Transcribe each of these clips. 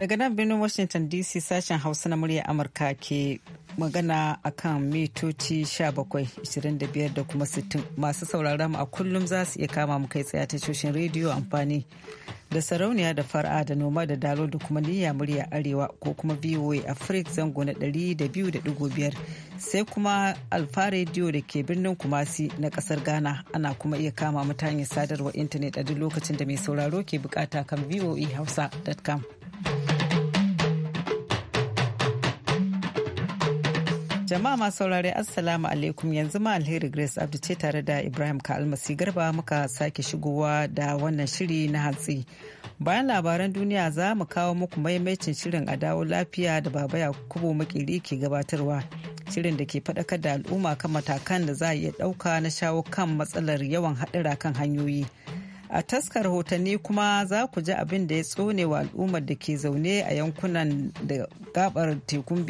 Daga nan birnin Washington DC sashen Hausa na murya Amurka ke magana akan mitoci 17-25 da kuma 60 masu sauraron mu a kullum za su iya kama mu kai tsaye tashoshin rediyo amfani da sarauniya da fara da noma da dalo da kuma niyya murya arewa ko kuma voa afrik zango na 200.5 sai kuma alfa rediyo da ke birnin kumasi na kasar ghana ana kuma iya kama mutane sadarwa intanet a duk lokacin da mai sauraro ke bukata kan voa hausa.com Jama'a masu saurare Assalamu alaikum yanzu ma alheri Grace Abdu ce tare da Ibrahim Kalmasi Garba muka sake shigowa da wannan shiri na hatsi Bayan labaran duniya za mu kawo muku maimaicin shirin a dawo lafiya da baba Yakubu makiri ke gabatarwa. Shirin da ke faɗakar da al'umma kan matakan da za a iya ɗauka na shawo kan matsalar yawan haɗura kan hanyoyi. a taskar hotanni kuma za ku ji abin da ya tsone wa al'ummar da ke zaune a yankunan da gabar tekun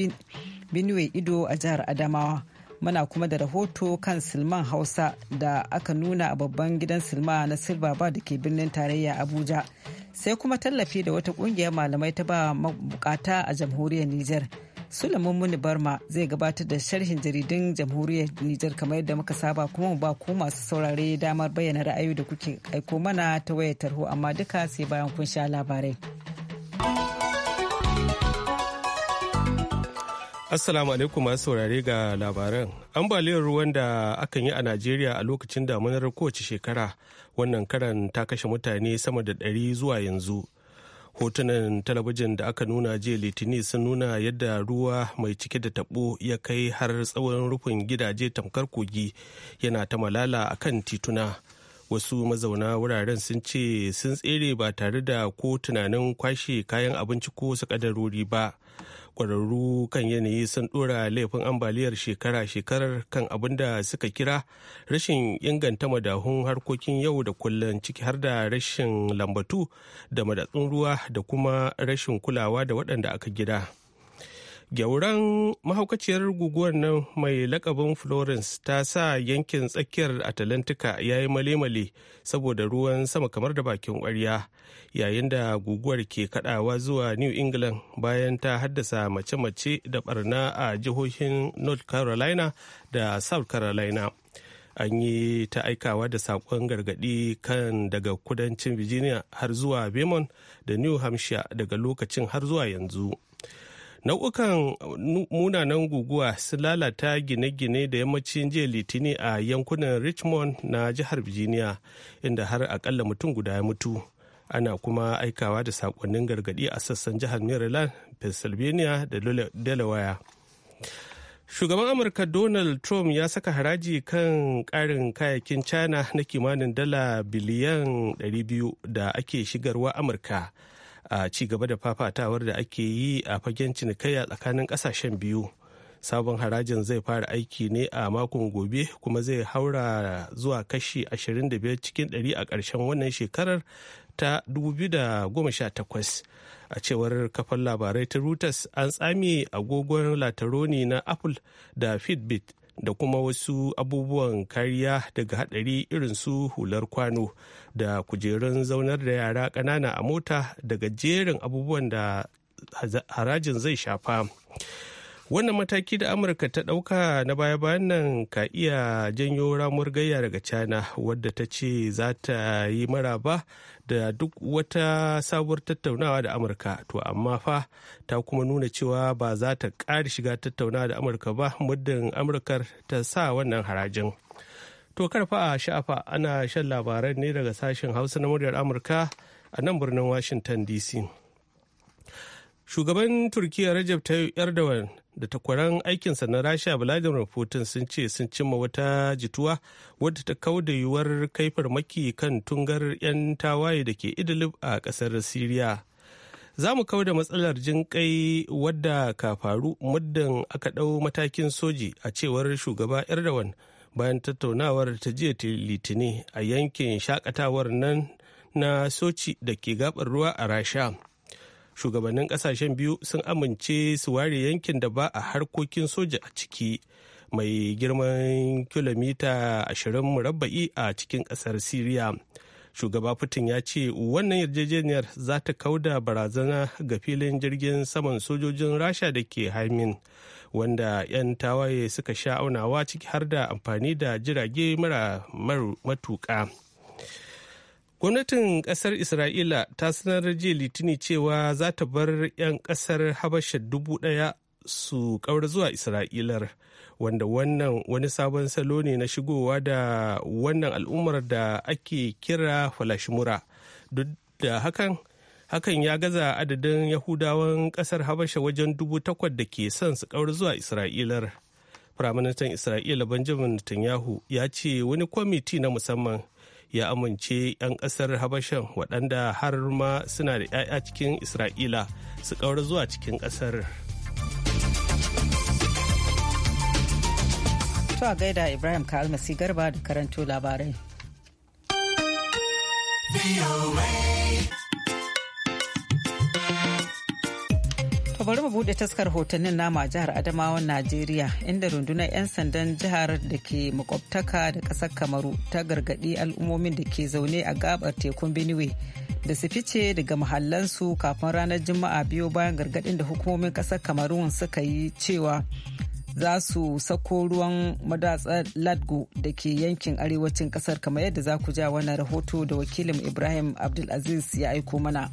benue ido a jihar adamawa muna kuma da rahoto kan silman hausa da aka nuna a babban gidan silma na ba da ke birnin tarayya abuja sai kuma tallafi da wata kungiyar malamai ta ba bukata a jamhuriyar niger Sulaiman Muni Barma zai gabatar da sharhin jaridun jamhuriyar Nijar kamar yadda muka saba kuma mu ba ku masu saurare damar bayyana ra'ayoyi da kuke aiko mana ta wayar tarho amma duka sai bayan kun sha labarai. Assalamu alaikum masu saurare ga labaran. Ambaliyar ruwan da akan yi a Najeriya a lokacin damunar kowace shekara wannan karan ta kashe mutane sama da ɗari zuwa yanzu. hotunan talabijin da aka nuna jiya litini sun nuna yadda ruwa mai cike da tabo ya kai har tsawon rufin gidaje tamkar kogi yana ta malala a kan tituna wasu mazauna wuraren sun ce sun tsere ba tare da ko tunanin kwashe kayan abinci ko su ba kwararru kan yanayi sun ɗora laifin ambaliyar shekara-shekarar kan abin da suka kira rashin inganta madahun harkokin yau da kullum ciki har da rashin lambatu da madatsun ruwa da kuma rashin kulawa da waɗanda aka gida. gyauran mahaukaciyar guguwar nan mai lakabin florence ta sa yankin tsakiyar atalantika ya yi male-male saboda ruwan sama kamar da bakin kwarya yayin da guguwar ke kadawa zuwa new england bayan ta haddasa mace-mace da barna a jihohin north carolina da south carolina an yi ta aikawa da saƙon gargaɗi kan daga kudancin virginia har zuwa vermont da new hampshire daga lokacin har zuwa yanzu nau'ukan munanan guguwa su lalata gine-gine da yammacin jiya litini a yankunan richmond na jihar virginia inda har akalla mutum guda ya mutu ana kuma aikawa da sakonnin gargadi a sassan jihar maryland pennsylvania da delaware shugaban amurka donald trump ya saka haraji kan karin kayakin china na kimanin dala biliyan 200 da ake shigarwa amurka a ci gaba da fafatawar da ake yi a fagen cinikayya tsakanin kasashen biyu sabon harajin zai fara aiki ne a makon gobe kuma zai haura zuwa kashi 25 cikin 100 a ƙarshen wannan shekarar ta 2018 a cewar kafar labarai ta reuters an tsami agogon lataroni na apple da fitbit da kuma wasu abubuwan kariya daga haɗari irin su hular kwano da kujerun zaunar da yara ƙanana a mota daga jerin abubuwan da harajin zai shafa wannan mataki da amurka ta ɗauka na baya-bayan nan ka iya janyo ramuwar gayya daga china wadda ta ce za ta yi maraba da duk wata sabuwar tattaunawa da amurka to amma fa ta kuma nuna cewa ba za ta ƙara shiga tattaunawa da amurka ba muddin amurkar ta sa wannan harajin to karfa a sha'afa ana shan labaran ne daga sashen hausa na muryar amurka a nan birnin washington dc shugaban turkiya rajab tayyip erdogan da takwaran aikinsa na rasha vladimir putin sun ce sun cimma wata jituwa wadda ta kau da yiwuwar kai farmaki kan tungar 'yan tawaye da ke idlib a ƙasar syria za mu kau da matsalar jinƙai wadda ka faru muddin aka ɗau matakin soji a cewar shugaba erdogan bayan tattaunawar ta jiya litini a yankin shakatawar nan na soci da ke gabar ruwa a rasha shugabannin kasashen biyu sun amince su ware yankin da ba a harkokin soja a ciki mai girman kilomita 20 murabba'i a cikin kasar syria shugaba putin ya ce wannan yarjejeniyar za ta kauda barazana ga filin jirgin saman sojojin rasha da ke haimin wanda 'yan tawaye suka sha aunawa ciki har da amfani da jirage mara matuƙa. Gwamnatin ƙasar Isra'ila ta sanar jiya Litini cewa za ta bar 'yan kasar Habasha dubu ɗaya su kawar zuwa Isra'ilar, wanda wannan wani sabon salo ne na shigowa da wannan al'ummar da ake kira falashimura. Duk da hakan, hakan ya gaza adadin Yahudawan Kasar Habasha wajen dubu takwas da ke son su kawar zuwa Isra'ilar. Firaministan Isra'ila Benjamin Netanyahu ya ce wani kwamiti na musamman ya amince 'yan ƙasar habashan waɗanda har ma suna da 'ya'ya cikin isra'ila su ƙaura zuwa cikin ƙasar a gaida ibrahim ka almasi garba da karanto labarai bari mu bude taskar hotunan nama jihar Adamawan Najeriya inda rundunar 'yan sandan jihar da ke makwabtaka da ƙasar Kamaru ta gargadi al'ummomin da ke zaune a gabar tekun Benue da su fice daga mahallansu kafin ranar Juma'a biyu bayan gargadin da hukumomin ƙasar kamaru suka yi cewa za su sako ruwan madatsar ladgo da ke yankin arewacin kasar kamar yadda za ku ja wannan rahoto da wakilin Ibrahim Abdulaziz ya aiko mana.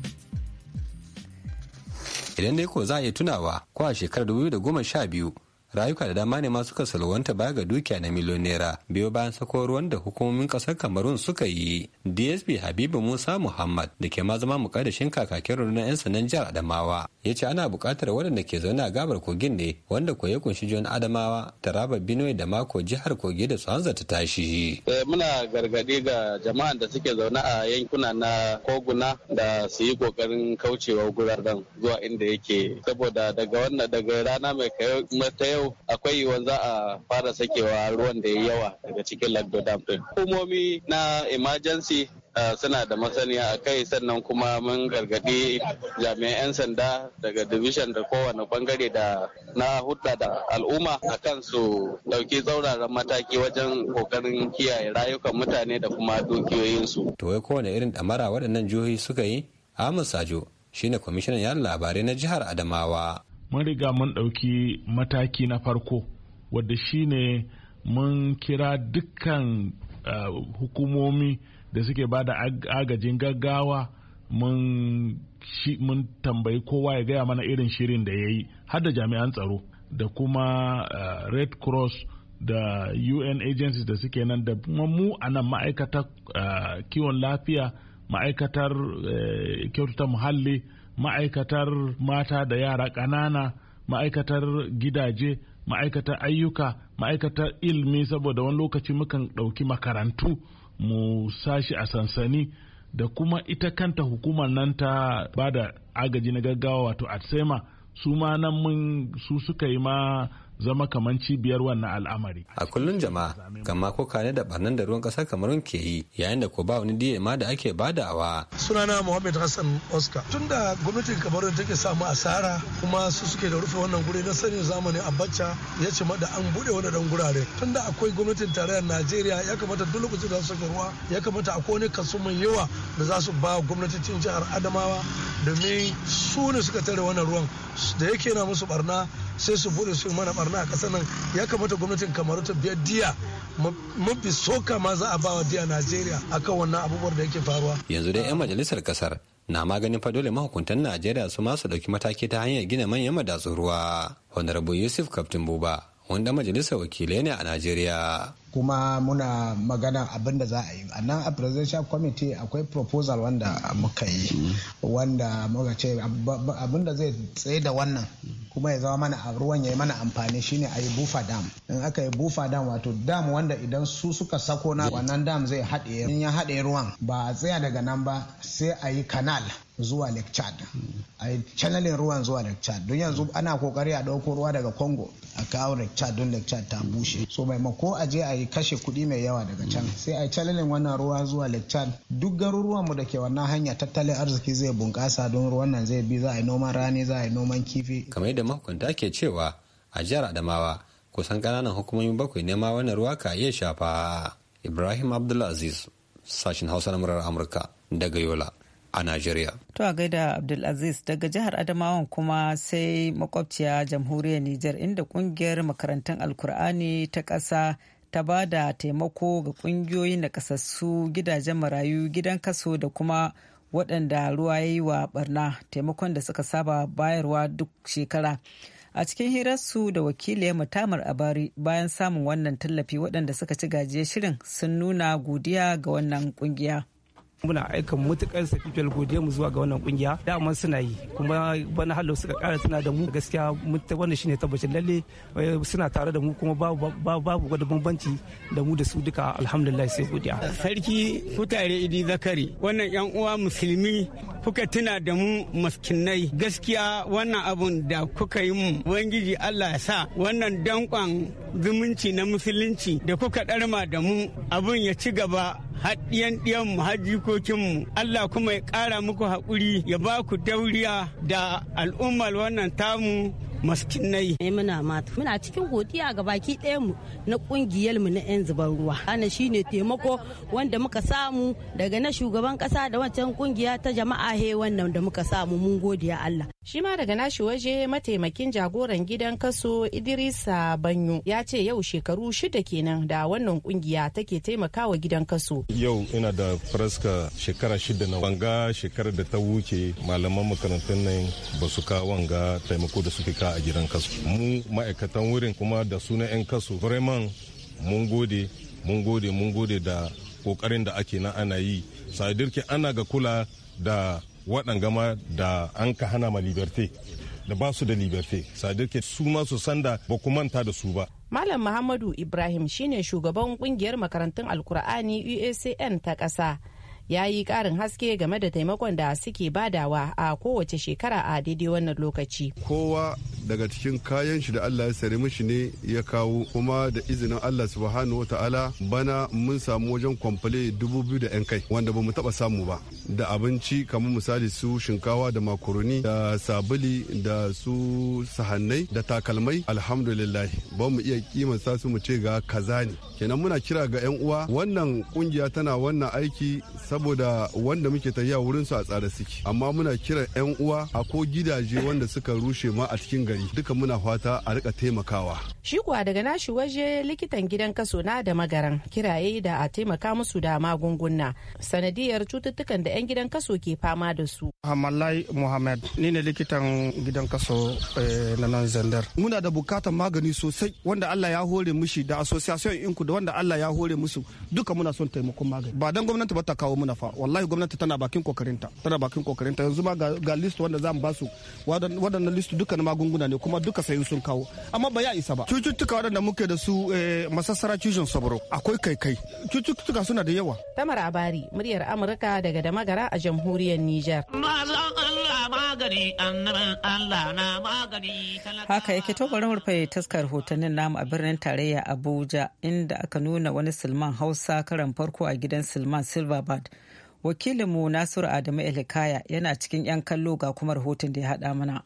idan dai ko za a iya tunawa ko a shekarar 2012 rayuka da dama ne ma suka salwanta ga dukiya na miliyon naira biyo bayan sako ruwan da hukumomin kasar kamarun suka yi dsp habibu musa muhammad da ke ma zama mukaddashin kakakin rundunar 'yan sanan jihar adamawa ya ce ana buƙatar waɗanda ke zaune a gabar kogin ne wanda ko ya kunshi john adamawa taraba benue da mako jihar kogi da su ta tashi eh, muna gargaɗi ga jama'an da suke zaune a yankuna na koguna da su yi ƙoƙarin kaucewa guraren zuwa inda yake saboda daga wannan daga rana mai ta yau akwai yiwuwar za a fara sakewa ruwan da ya yawa daga cikin lagdo dam din hukumomi na emergency eh, suna da masaniya a kai sannan kuma mun gargaɗi jami'an 'yan sanda daga division da kowane bangare da na hudda da al'umma a kan su ɗauki tsauraran mataki wajen kokarin kiyaye rayukan mutane da kuma dukiyoyinsu. To wai kowane irin damara waɗannan jihohi suka yi? Ahmad Sajo shine kwamishinan yan labarai na jihar Adamawa. mun riga mun ɗauki mataki na farko wadda shine mun kira dukkan hukumomi da suke ba da agajin gaggawa mun tambayi kowa ya gaya mana irin shirin da ya yi har jami'an tsaro da kuma red cross da un agencies da suke nan da kuma mu a nan ma'aikatar kiwon lafiya ma'aikatar eh, kyautata muhalli ma'aikatar mata da yara ƙanana ma'aikatar gidaje ma'aikatar ayyuka ma'aikatar ilmi saboda wani lokaci mukan ɗauki makarantu mu sashi a sansani da kuma ita kanta hukumar nan ta ba da agaji na gaggawa wato atsema su ma nan mun su suka yi ma zama kamar cibiyar wannan al'amari. A kullun jama'a gama ko kane da barnan da ruwan kasar Kamarun ke yi yayin da ko ba wani diya ma da ake badawa. Sunana Muhammad Hassan Oscar. tun Tunda gwamnatin Kamarun take samu asara kuma su suke da rufe wannan guri na sanin zamanin Abacha ya ce da an bude wani dan gurare. tun da akwai gwamnatin tarayyar Najeriya ya kamata duk lokacin da su ruwa ya kamata akwai wani kaso mai yawa da za su ba gwamnatin jihar Adamawa domin su ne suka tare wannan ruwan da yake na musu barna sai su bude su mana barna barna a kasar nan ya kamata gwamnatin kamaru ta biya diya mafi soka ma za a bawa diya najeriya akan wannan abubuwar da yake faruwa yanzu dai yan majalisar kasar na maganin fa dole mahukuntan najeriya su masu dauki mataki ta hanyar gina manyan madatsun ruwa honorable yusuf kaftin buba wanda majalisar wakilai ne a najeriya kuma muna magana abinda da za a yi a nan a presidential committee akwai proposal wanda muka yi wanda muka ce abin zai tsaye da wannan kuma ya zama mana ruwan ya yi mana amfani shine a yi bufa dam in aka yi bufa dam wato dam wanda idan su suka sako na wannan dam zai haɗe in ya haɗe ruwan ba a tsaya daga nan ba sai a yi kanal zuwa lake chad a channelin ruwan zuwa lake chad don yanzu ana kokari a dauko ruwa daga congo a kawo lake chad don lake chad ta bushe so maimako a je a yi kashe kuɗi mai yawa daga can sai a channelin wannan ruwa zuwa lake chad duk garuruwan mu da ke wannan hanya tattalin arziki zai bunkasa don ruwan nan zai bi za a yi noman rani za a yi noman kifi kamar yadda mahukunta ke cewa a jihar adamawa kusan ƙananan hukumomin bakwai ne ma wannan ruwa ka iya shafa ibrahim abdulaziz sashin hausa na murar amurka daga yola a Najeriya. To a gaida Abdulaziz daga jihar Adamawan kuma sai makwabciya jamhuriyar Nijar inda kungiyar makarantar Alkur'ani ta ƙasa ta ba da taimako ga ƙungiyoyi na ƙasassu gidajen marayu gidan kaso da kuma waɗanda ruwa ya yi wa barna taimakon da suka saba bayarwa duk shekara. a cikin hirarsu da wakiliyar mutamar abari bayan samun wannan tallafi waɗanda suka ci gajiyar shirin sun nuna godiya ga wannan kungiya. muna aika matukar safifiyar godiya mu zuwa ga wannan kungiya dama suna yi kuma bana hallo suka kara suna da mu gaskiya wannan shine tabbacin lalle eh, suna tare da mu kuma babu gwada bambanci da mu da su duka alhamdulillah sai godiya sarki kutare idi zakari wannan yan uwa musulmi kuka tuna da mu maskinai gaskiya wannan abun da kuka yi mu wangiji Allah ya sa wannan dankon zumunci na musulunci da kuka ɗarma da mu abun ya ci gaba haɗiyan diyan mu harkokinmu Allah kuma ya ƙara muku haƙuri ya ba ku dauriya da al'ummar wannan tamu maskinai. Ai eh, muna mata. Muna cikin godiya ga baki ɗaya mu na kungiyar mu na 'yan zubar ruwa. Ana shine taimako wanda muka samu daga na shugaban kasa da wancan kungiya ta jama'a he wannan da muka samu mun godiya Allah. Shi ma daga nashi waje mataimakin jagoran gidan kaso Idrisa Banyo ya ce yau shekaru shida kenan da wannan kungiya take taimakawa gidan kaso. Yau ina da faraska shekara shida na wanga shekarar da ta wuce malaman makarantun nan ba su kawo wanga taimako da suke kawo ta a gidan kasu mu ma'aikatan wurin kuma da suna 'yan kasu vraiment mun gode mun gode mun gode da kokarin da ake na ana yi sadirke ana ga kula da waɗan gama da an ka hana ma liberté da ba su da liberté sadirke su ma su sanda ba ku manta da su ba Malam Muhammadu Ibrahim shine shugaban kungiyar makarantun Alkur'ani UACN ta ƙasa. ya yi ƙarin haske game da taimakon da suke badawa a kowace shekara a daidai wannan lokaci. Kowa daga cikin kayan shi da Allah ya sare mishi ne ya kawo kuma da izinin Allah subhanahu ta'ala bana mun samu wajen kwamfale dubu biyu da 'yan kai wanda ba mu taɓa samu ba da abinci kamar misali su shinkawa da makaroni da sabuli da su sahannai da takalmai alhamdulillah ba mu iya kimanta su mu ce ga kaza ne kenan muna kira ga 'yan uwa wannan kungiya tana wannan aiki saboda wanda muke tafiya wurin su a tsare suke amma muna kiran yan uwa a ko gidaje wanda suka rushe ma a cikin gari duka muna fata a rika taimakawa shi kuwa daga nashi waje likitan gidan kaso na da magaran kiraye da a taimaka musu da magunguna sanadiyar cututtukan da yan gidan kaso ke fama da su hamalai muhammad ni ne likitan gidan kaso eh, na nan zandar muna da bukatar magani sosai wanda allah ya hore mushi da association inku da wanda allah ya hore musu duka muna son taimakon magani ba dan gwamnati ba ta kawo muna fa wallahi gwamnati tana bakin kokarinta tana bakin kokarinta yanzu ma ga list wanda za basu waɗannan list na magunguna ne kuma duka sayin sun kawo amma ba ya isa ba cututtuka waɗanda muke da su eh, masassara cizon sabro akwai kai kai cututtuka suna da yawa tamar abari muryar amurka daga damagara a jamhuriyar niger haka yake to bari rufe taskar hotunan namu a birnin tarayya abuja inda aka nuna wani silman hausa karan farko a gidan silman silverbird wakilinmu nasiru adamu elikaya yana cikin 'yan kallo ga kuma rahoton da ya haɗa mana.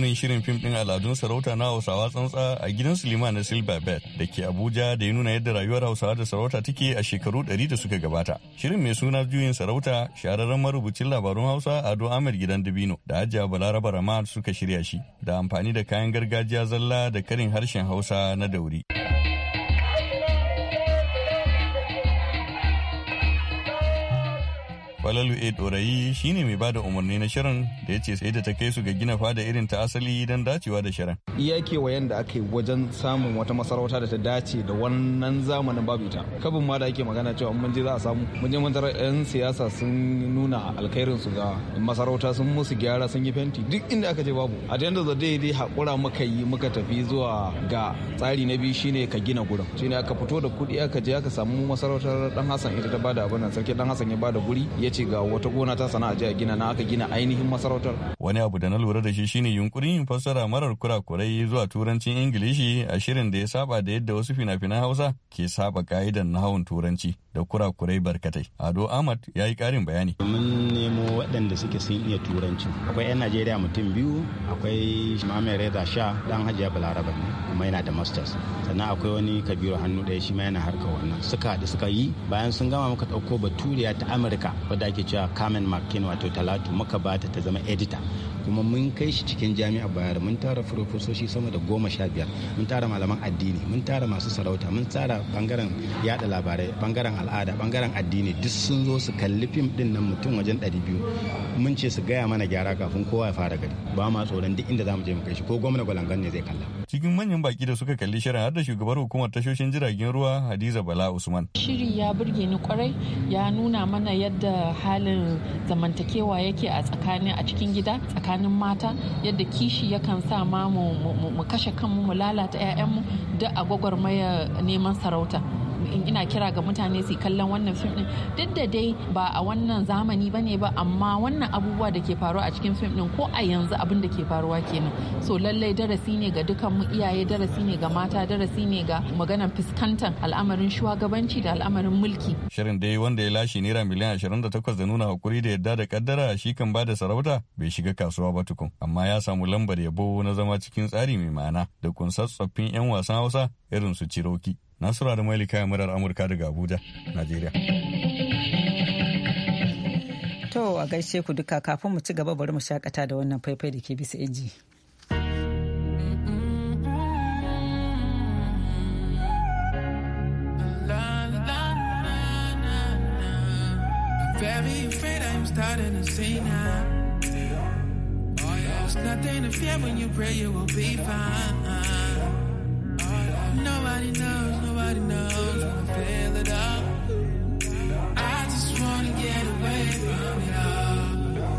nunin shirin fim ɗin al'adun sarauta na Hausawa tsantsa a gidan Sulima na bed da ke Abuja da ya nuna yadda rayuwar Hausawa da sarauta take a shekaru ɗari da suka gabata. Shirin mai suna juyin sarauta shahararren marubucin labarun Hausa Ado Ahmed Gidan Dabino da Hajiya Balaraba rama suka shirya shi da amfani da kayan gargajiya zalla da karin harshen Hausa na dauri. Falalu A Dorayi shine mai bada umarni na shirin da ya ce sai da ta kai su ga gina fada irin ta asali don dacewa da shirin. Iya kewayen da aka yi wajen samun wata masarauta da ta dace da wannan zamanin babu ita. Kabin ma da ake magana cewa mun je za a samu mun je mun tarar 'yan siyasa sun nuna alkhairin su ga masarauta sun musu gyara sun yi fenti duk inda aka je babu. A da za dai dai hakura muka yi muka tafi zuwa ga tsari na biyu shine ka gina gurin. Shine aka fito da kuɗi aka je aka samu masarautar Dan Hassan ita ta bada abin nan sarki Dan Hassan ya bada guri ya ce ce ga wata gona ta sana'a jiya gina na aka gina ainihin masarautar. Wani abu da na lura da shi shine yunkurin fassara marar kurakurai zuwa turancin Ingilishi a shirin da ya saba da yadda wasu fina-finan Hausa ke saba ka'idan nahawun turanci da kurakurai barkatai. Ado Ahmad ya yi karin bayani. Mun nemo waɗanda suke sun iya turanci. Akwai 'yan Najeriya mutum biyu, akwai Mamman Reza Sha dan Hajiya Balaraba ne, kuma yana da masters. Sannan akwai wani Kabiru hannu ɗaya shi ma yana harka wannan. Suka haɗu suka yi bayan sun gama muka ɗauko baturiya ta Amurka da ake cewa Carmen mckin wato Talatu muka bata ta zama edita kuma mun kai shi cikin jami'a bayar mun tara furofesoshi sama da goma sha biyar mun tara malaman addini mun tara masu sarauta mun tara bangaren yada labarai bangaren al'ada bangaren addini duk sun zo su kalli fim din nan mutum wajen ɗari biyu mun ce su gaya mana gyara kafin kowa ya fara gari ba ma tsoron duk inda za mu je mu kai shi ko gwamna gwalangan ne zai kalla. cikin manyan baki da suka kalli shirin har da shugabar hukumar tashoshin jiragen ruwa hadiza bala usman. shiri ya burge ni kwarai ya nuna mana yadda halin zamantakewa yake a tsakanin a cikin gida tsakanin mata yadda kishi yakan sa ma mu kashe kanmu mu lalata 'ya'yanmu da a gwagwarmaya neman sarauta ina kira ga mutane su kallon wannan fim din duk da dai ba a wannan zamani bane ba amma wannan abubuwa da ke faruwa a cikin fim din ko a yanzu abin da ke faruwa kenan so lallai darasi ne ga dukkan mu iyaye darasi ne ga mata darasi ne ga maganar fuskantar al'amarin shugabanci da al'amarin mulki shirin dai wanda ya lashe naira miliyan 28 da nuna hakuri da yadda da kaddara shi kan bada sarauta bai shiga kasuwa ba tukun amma ya samu lambar yabo na zama cikin tsari mai ma'ana da kunsar tsoffin 'yan wasan hausa irin su ciroki Nasura da Maili kayan murar Amurka daga Abuja, Najeriya. To a gaishe ku duka kafin mu ci gaba bari mu shakata da wannan faifai da ke bisa inji. starting to say now. Oh, yeah. There's nothing to fear when you pray you will be fine. Nobody knows, nobody knows when I feel it all. I just wanna get away from it all.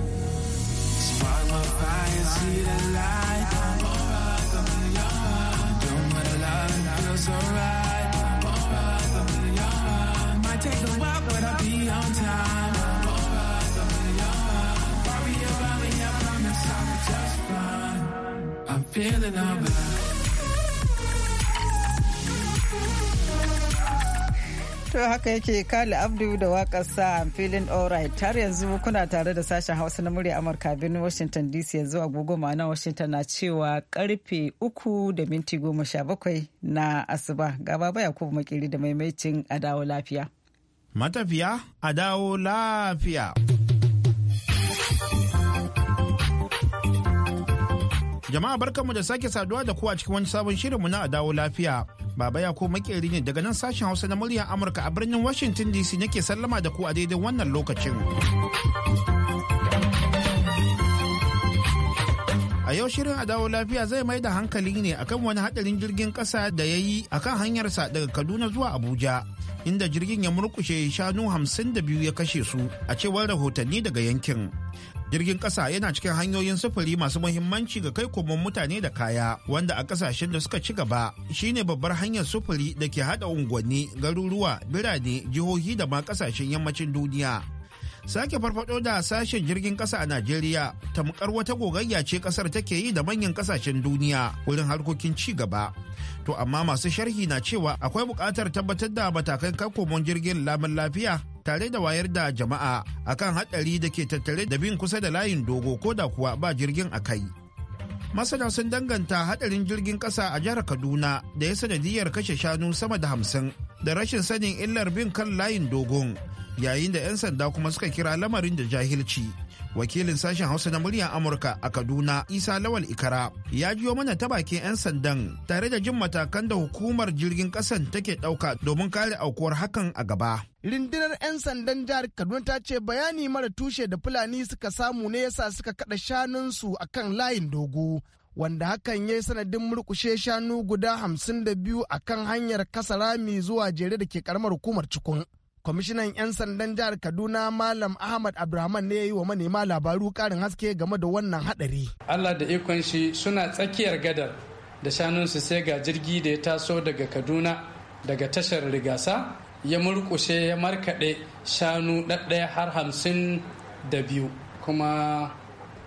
Spark my fire, see the light. I'm alright, I'm alright. Doing what love and so right. alright, I'm alright. Might take a while, but I'll be on time. alright, I'm i just fine. I'm feeling alright. To haka yake Kali Abdu da waƙarsa I'm feeling alright. Har yanzu kuna tare da sashen Hausa na murya Amurka birnin Washington DC yanzu agogo ma'ana Washington na cewa karfe uku da minti goma sha bakwai na asuba. Gaba baya ko makiri da maimacin a dawo lafiya. Matafiya a dawo lafiya. Jama'a barkanmu da sake saduwa da kuwa cikin wani sabon shirinmu na a dawo lafiya. Baba ya ko makeri ne daga nan sashen Hausa na muryar Amurka a birnin Washington DC nake sallama da ku a daidai wannan lokacin. a yau shirin a dawo lafiya zai mai da hankali ne akan wani hadarin jirgin kasa da ya yi akan hanyarsa daga kaduna zuwa abuja inda jirgin ya murkushe shanu 52 ya kashe su a cewar rahotanni daga yankin jirgin ƙasa yana cikin hanyoyin sufuri masu muhimmanci ga kai komon mutane da kaya wanda a ƙasashen da suka ci gaba shine babbar hanyar sufuri da ke haɗa unguwanni garuruwa birane jihohi da ma ƙasashen yammacin duniya sake farfado da sashen jirgin ƙasa a najeriya tamkar wata gogayya ce ƙasar take yi da manyan ƙasashen duniya wurin harkokin ci gaba To amma masu sharhi na cewa akwai buƙatar tabbatar da matakan kakkomon jirgin lamun lafiya tare da wayar da jama'a akan haɗari da ke tattare da bin kusa da layin dogo ko da kuwa ba jirgin a kai. masana sun danganta hadarin jirgin ƙasa a jihar kaduna da ya sanadiyar kashe shanu sama da hamsin da rashin sanin illar bin kan layin dogon yayin da 'yan sanda kuma suka kira lamarin da jahilci wakilin sashen hausa na muryar amurka a kaduna isa lawal ikara ya jiyo mana ta bakin 'yan sandan tare da jin matakan da hukumar jirgin kasan take ɗauka domin kare aukuwar hakan a gaba Rindinar 'yan sandan jihar Kaduna ta ce bayani mara tushe da Fulani suka samu ne yasa suka kada shanunsu a kan layin dogo. Wanda hakan ya yi sanadin murkushe shanu guda hamsin da biyu a kan hanyar rami zuwa jere da ke karamar hukumar Cikun. kwamishinan 'yan sandan jihar kaduna malam ahmad abdulrahman ne ya yi wa manema labaru karin haske game da wannan hadari allah da ikon shi suna tsakiyar gadar da shanunsu sai ga jirgi da ya taso daga kaduna daga tashar rigasa ya murkushe ya markaɗe shanu ɗaɗɗaya har hamsin da biyu kuma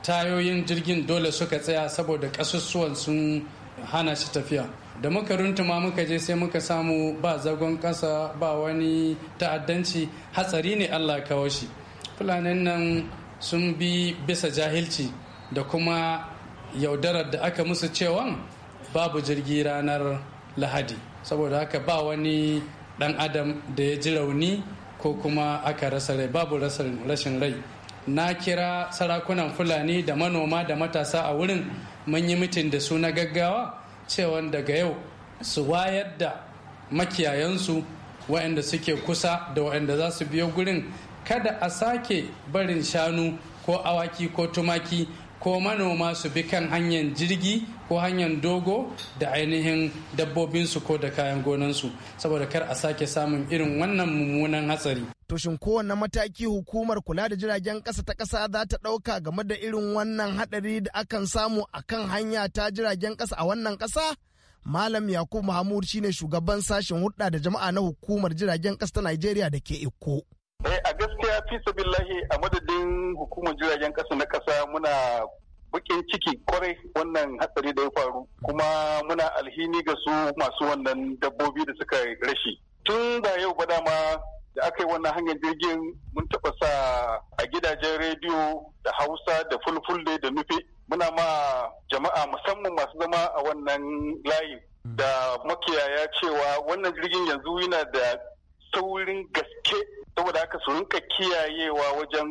tayoyin jirgin dole suka tsaya saboda ƙasusuwan sun hana shi tafiya da muka runtuma muka je sai muka samu ba zagon ƙasa ba wani ta'addanci hatsari ne allah kawo shi fulanin nan sun bi bisa jahilci da kuma yaudarar da aka musu cewan babu jirgi ranar lahadi saboda haka ba wani dan adam da ya ji rauni ko kuma aka rasa rai babu rashin rai na kira sarakunan fulani da manoma da matasa a wurin mun yi mitin da su na gaggawa cewan daga yau su wayar da makiyayansu waɗanda suke kusa da waɗanda za su biyo gurin kada a sake barin shanu ko awaki ko tumaki ko manoma su bi kan hanyar jirgi ko hanyar dogo da ainihin dabbobinsu ko da kayan gonansu saboda kar a sake samun irin wannan mummunan hatsari. To shin kowane mataki hukumar kula da jiragen kasa ta ƙasa za ta ɗauka game da irin wannan haɗari da akan samu a kan hanya ta jiragen ƙasa a wannan ƙasa? Malam Yakubu Mahmud shine shugaban sashen hulɗa da jama'a na hukumar jiragen ƙasa ta Najeriya da ke Eko. Eh a gaskiya fi sabillahi a madadin hukumar jiragen kasa na kasa muna bukin ciki kwarai wannan hatsari da ya faru kuma muna alhini ga su masu wannan dabbobi da suka rashi tun da yau ba dama da aka yi wannan hanyar jirgin mun taɓa sa a gidajen rediyo da hausa da fulfulde da nufe muna ma jama'a musamman masu zama a wannan layi da makiyaya cewa wannan jirgin yanzu yana da saurin gaske saboda haka su rinka kiyayewa wajen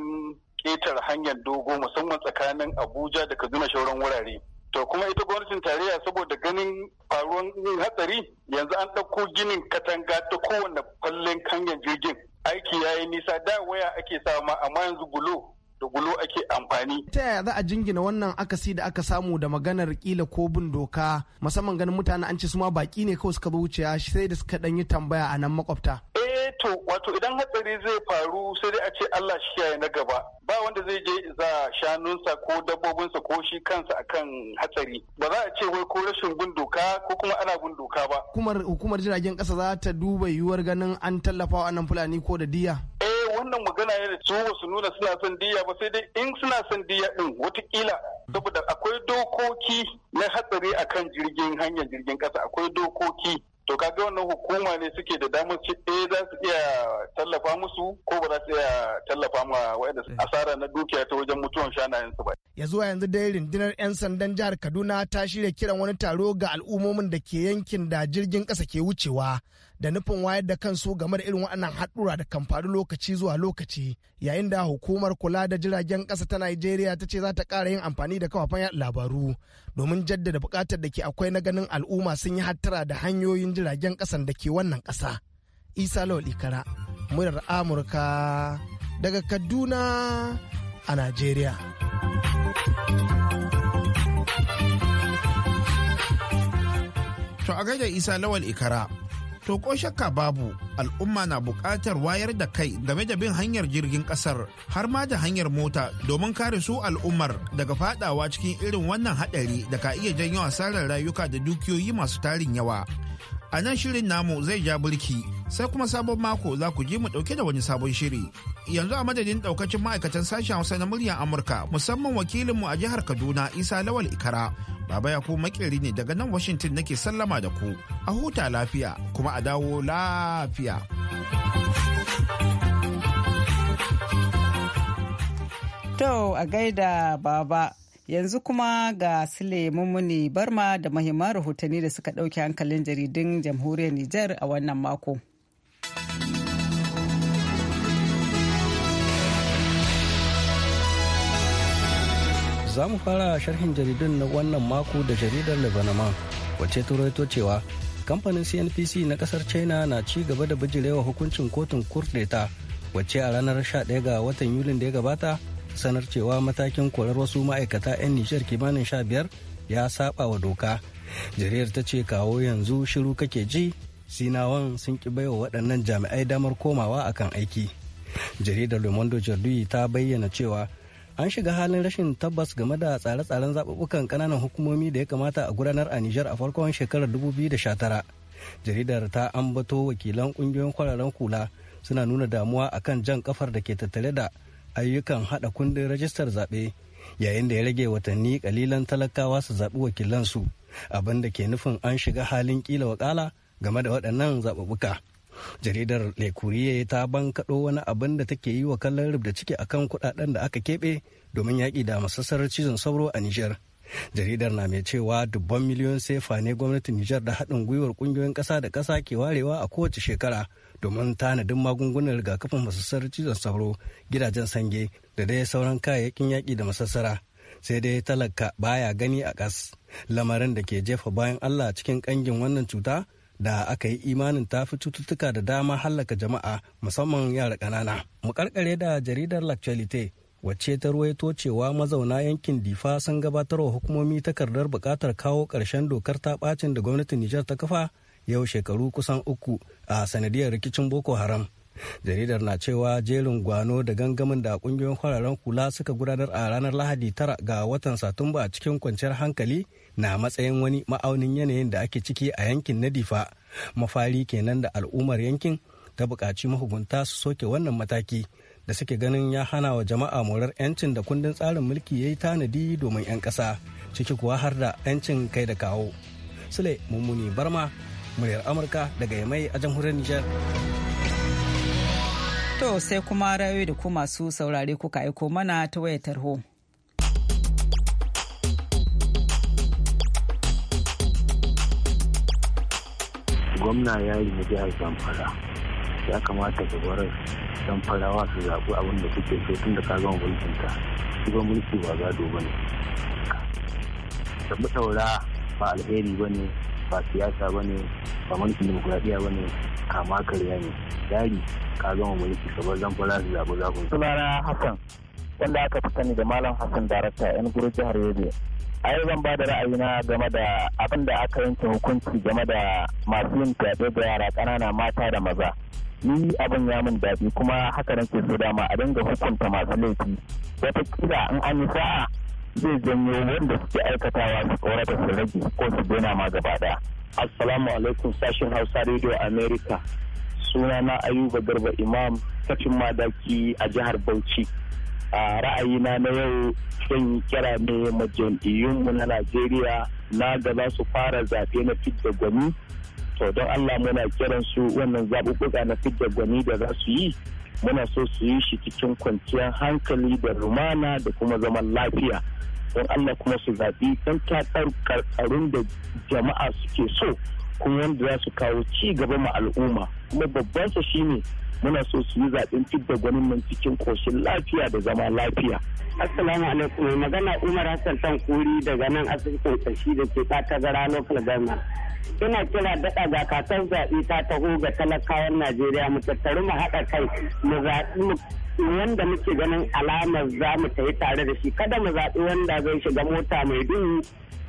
ketar hanyar dogo musamman tsakanin abuja da kaduna shauran wurare to kuma ita gwamnatin tarayya saboda ganin faruwan yin hatsari yanzu an ɗauko ginin katanga ta kowane fallen hanyar jirgin aiki ya yi nisa da waya ake sama amma yanzu gulo da gulo ake amfani. Ta yaya za a jingina wannan akasi da aka samu da maganar kila ko bin doka musamman ganin mutane an ce su ma baki ne kawai suka zo wuciya sai da suka ɗan yi tambaya a nan makwabta. Eh to wato idan hatsari zai faru sai dai a ce Allah shi yayi na gaba. Ba wanda zai je za shanunsa ko dabbobinsa ko shi kansa akan hatsari. Ba za a ce wai ko rashin gunduka doka ko kuma ana gunduka doka ba. Hukumar hukumar jiragen kasa za ta duba yiwuwar ganin an tallafa wa annan Fulani ko da diya. Eh, wannan magana ne su wasu nuna suna son diya ba sai dai in suna son diya din watakila saboda akwai dokoki na hatsari akan jirgin hanyar jirgin kasa akwai dokoki to kaga wannan hukuma ne suke da damar ce eh za su iya tallafa musu ko ba za su iya tallafa ma eh. asara na dukiya ta wajen mutuwan su ba. ya zuwa yanzu dai rundunar 'yan sandan jihar kaduna ta shirya kiran wani taro ga al'ummomin da ke yankin da jirgin ƙasa ke wucewa da nufin wayar da kansu game da irin waɗannan haɗura da kan faru lokaci zuwa lokaci yayin da hukumar kula da jiragen ƙasa ta najeriya ta ce za ta ƙara yin amfani da kafafen labaru domin jaddada buƙatar da ke akwai na ganin al'umma sun yi hattara da hanyoyin jiragen kasan da ke wannan kasa isa lawal murar amurka daga kaduna a najeriya to a gaida isa lawal ikara to ko shakka babu al'umma na buƙatar wayar da kai game da bin hanyar jirgin ƙasar har ma da hanyar mota domin kare su al'ummar daga fadawa cikin irin wannan haɗari da ka iya janyo asarar rayuka da dukiyoyi masu tarin yawa A nan shirin namu zai ja bulki sai kuma sabon mako za ku ji mu dauke da wani sabon shiri. Yanzu a madadin daukacin ma'aikatan sashen Hausa na muryar Amurka musamman wakilinmu a jihar Kaduna Isa Lawal Ikara. Baba ya ku makeri ne daga nan Washington nake sallama da ku. A huta lafiya kuma a dawo lafiya. To a gaida baba Yanzu kuma ga Sule Mummuni Barma da mahimman rahotanni da suka ɗauki hankalin jaridun jamhuriyar Nijar a wannan mako. Za mu fara sharhin jaridun na wannan mako da jaridar Lebanon wacce turaito cewa kamfanin CNPC na kasar China na ci gaba da bijirewa hukuncin kotun kurdeta wacce a ranar 11 ga watan Yulin da ya gabata sanar cewa matakin korar wasu ma'aikata 'yan nishar kimanin sha biyar ya saba wa doka jariyar ta ce kawo yanzu shiru kake ji sinawan sun ki baiwa waɗannan jami'ai damar komawa akan aiki jaridar le monde ta bayyana cewa an shiga halin rashin tabbas game da tsare-tsaren zaɓuɓɓukan ƙananan hukumomi da ya kamata a gudanar a Nijar a farkon shekarar tara Jaridar ta ambato wakilan ƙungiyoyin kwararren kula suna nuna damuwa akan jan kafar da ke tattare da ayyukan haɗa kundin rajistar zaɓe yayin da ya rage watanni kalilan talakawa su zaɓi wakilansu abin da ke nufin an shiga halin kila wakala game da waɗannan zaɓuɓɓuka. jaridar lekuriye ta kaɗo wani abin da take yi wa kallon rubda ciki akan kuɗaɗen da aka keɓe domin yaƙi da masassarar cizon sauro a nijar jaridar na mai cewa dubban miliyon sefa ne gwamnatin nijar da haɗin gwiwar ƙungiyoyin ƙasa da ƙasa ke warewa a kowace shekara domin tanadin magungunan rigakafin masassar cizon sauro gidajen sange da dai sauran kayayyakin yaƙi da masassara sai dai talaka baya gani a ƙas lamarin da ke jefa bayan allah cikin ƙangin wannan cuta da aka yi imanin ta fi cututtuka da dama hallaka jama'a musamman yara ƙanana. Mu karkare da jaridar Lactualite wacce ta ruwaito cewa mazauna yankin Difa sun gabatar wa hukumomi takardar buƙatar kawo ƙarshen dokar ta ɓacin da gwamnatin Nijar ta kafa yau shekaru kusan uku a sanadiyar rikicin boko haram jaridar na cewa jerin gwano da gangamin da kungiyoyin kwararen kula suka gudanar a ranar lahadi tara ga watan satumba a cikin kwanciyar hankali na matsayin wani ma'aunin yanayin da ake ciki a yankin na difa mafari kenan da al'ummar yankin ta buƙaci mahukunta su soke wannan mataki da suke ganin ya hana wa jama'a morar 'yancin da kundin tsarin mulki ya yi tanadi domin 'yan ƙasa ciki kuwa har da 'yancin kai da kawo sule mummuni barma muryar amurka daga yamai a jamhuriyar nijar to sai kuma rayoyi da ku masu saurare kuka aiko mana ta wayar tarho gwamna ya yi na jihar zamfara ya kamata gabarar zamfarawa su zaɓi abin da suke so tun da ka gama ta shi ba mulki ba gado ba ne da mutaura ba alheri ba ne ba siyasa ba ne ba mulkin demokuraɗiyya ba ne kama karya ne yari ka gama mulki kamar zan fara su zaɓi zaɓin. sunana hassan wanda aka fi sani da malam hassan darakta yan guru jihar yobe a yau zan ba da ra'ayina game da abin da aka yanke hukunci game da masu yin fyaɗe da yara ƙanana mata da maza ni abin ya min daɗi kuma haka nake so dama a dinga hukunta masu laifi wataƙila in an yi sa'a zai janyo wanda suke aikatawa su tsorata su rage ko su daina ma gaba daya. Assalamu alaikum sashen Hausa Radio America. Suna na Ayuba Garba Imam kacin madaki a jihar Bauchi. A ra'ayina na yau zan yi kira ne majam'iyyunmu na Najeriya na ga za su fara zaɓe na fidda gwani. To don Allah muna kiran su wannan zaɓuɓɓuka na fidda gwani da za su yi muna so su yi shi cikin kwanciyar hankali da rumana da kuma zaman lafiya. don Allah kuma su zaɓi ɗan takarkarun da jama'a suke so kuma wanda za su kawo ci gaba ma al'umma kuma babban sa shine muna so su yi zaɓen fidda gwanin nan cikin koshin lafiya da zama lafiya. Assalamu alaikum mai magana Umar Hassan Tankuri daga nan asibitin kashi da ke ɓata gara local government. ina kira daɗa ga kakar zaɓe ta taho ga talakawan najeriya mu tattaru mu haɗa kai mu zaɓi wanda muke ganin alamar za mu tafi tare da shi kada mu zaɓi wanda zai shiga mota mai duhu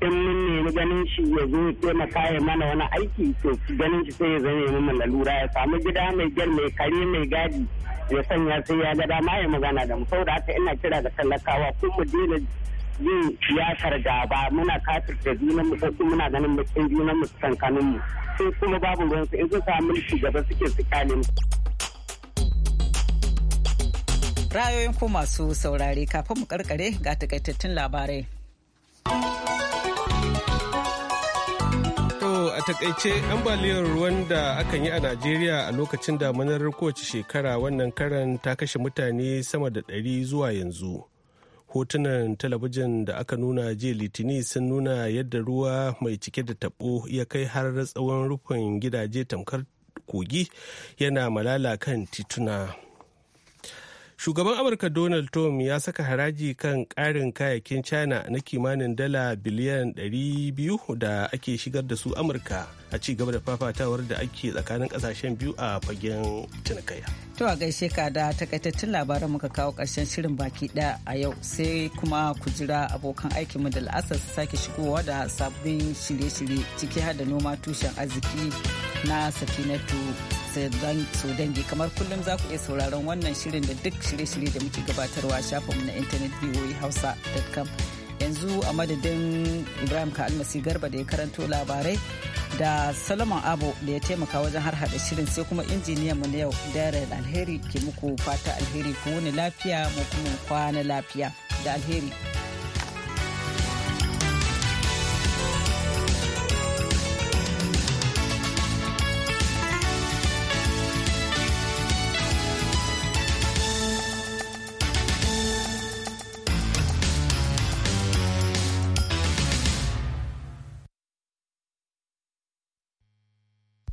in mun nemi ganin shi ya zo taimaka ya mana wani aiki to ganin shi sai ya zama ya mun lalura ya samu gida mai gyar mai kare mai gadi ya sanya sai ya ga dama ya magana da mu saboda haka ina kira ga talakawa kun mu daina yin siyasar gaba muna kafir da junan mu sai muna ganin mutum junan mu tsankanin mu sai kuma babu ruwan su in sun samu mulki gaba suke su kane mu ra'ayoyin ku masu saurare kafin mu karkare ga takaitattun labarai a takaice ambaliyar ruwan da aka yi a najeriya a lokacin damunar kowace shekara wannan karan ta kashe mutane sama da 100 zuwa yanzu hotunan talabijin da aka nuna jiya litini sun nuna yadda ruwa mai cike da tabo ya kai har tsawon rufin gidaje tamkar kogi yana malala kan tituna shugaban amurka donald trump ya saka haraji kan karin kayayyakin china na kimanin dala biliyan 200 da ake shigar da su amurka a ci gaba da fafatawar da ake tsakanin kasashen biyu a fagen cinikaya. to a gaishe ka da takaitattun labaran muka kawo karshen shirin baki da a yau sai kuma ku jira abokan aikin mu da la'asar su sake shigowa da sabbin shirye-shirye ciki har da noma tushen arziki na safinatu so dangi kamar kullum za ku iya sauraron wannan shirin da duk shirye-shirye da muke gabatarwa shafinmu na intanet voahausa.com yanzu a madadin ibrahim ka almasi garba da ya karanto labarai da salomon abu da ya taimaka wajen har hada shirin sai kuma injiniyan mu na yau darren alheri ke muku fata alheri ku wani lafiya mu kuma kwana lafiya da alheri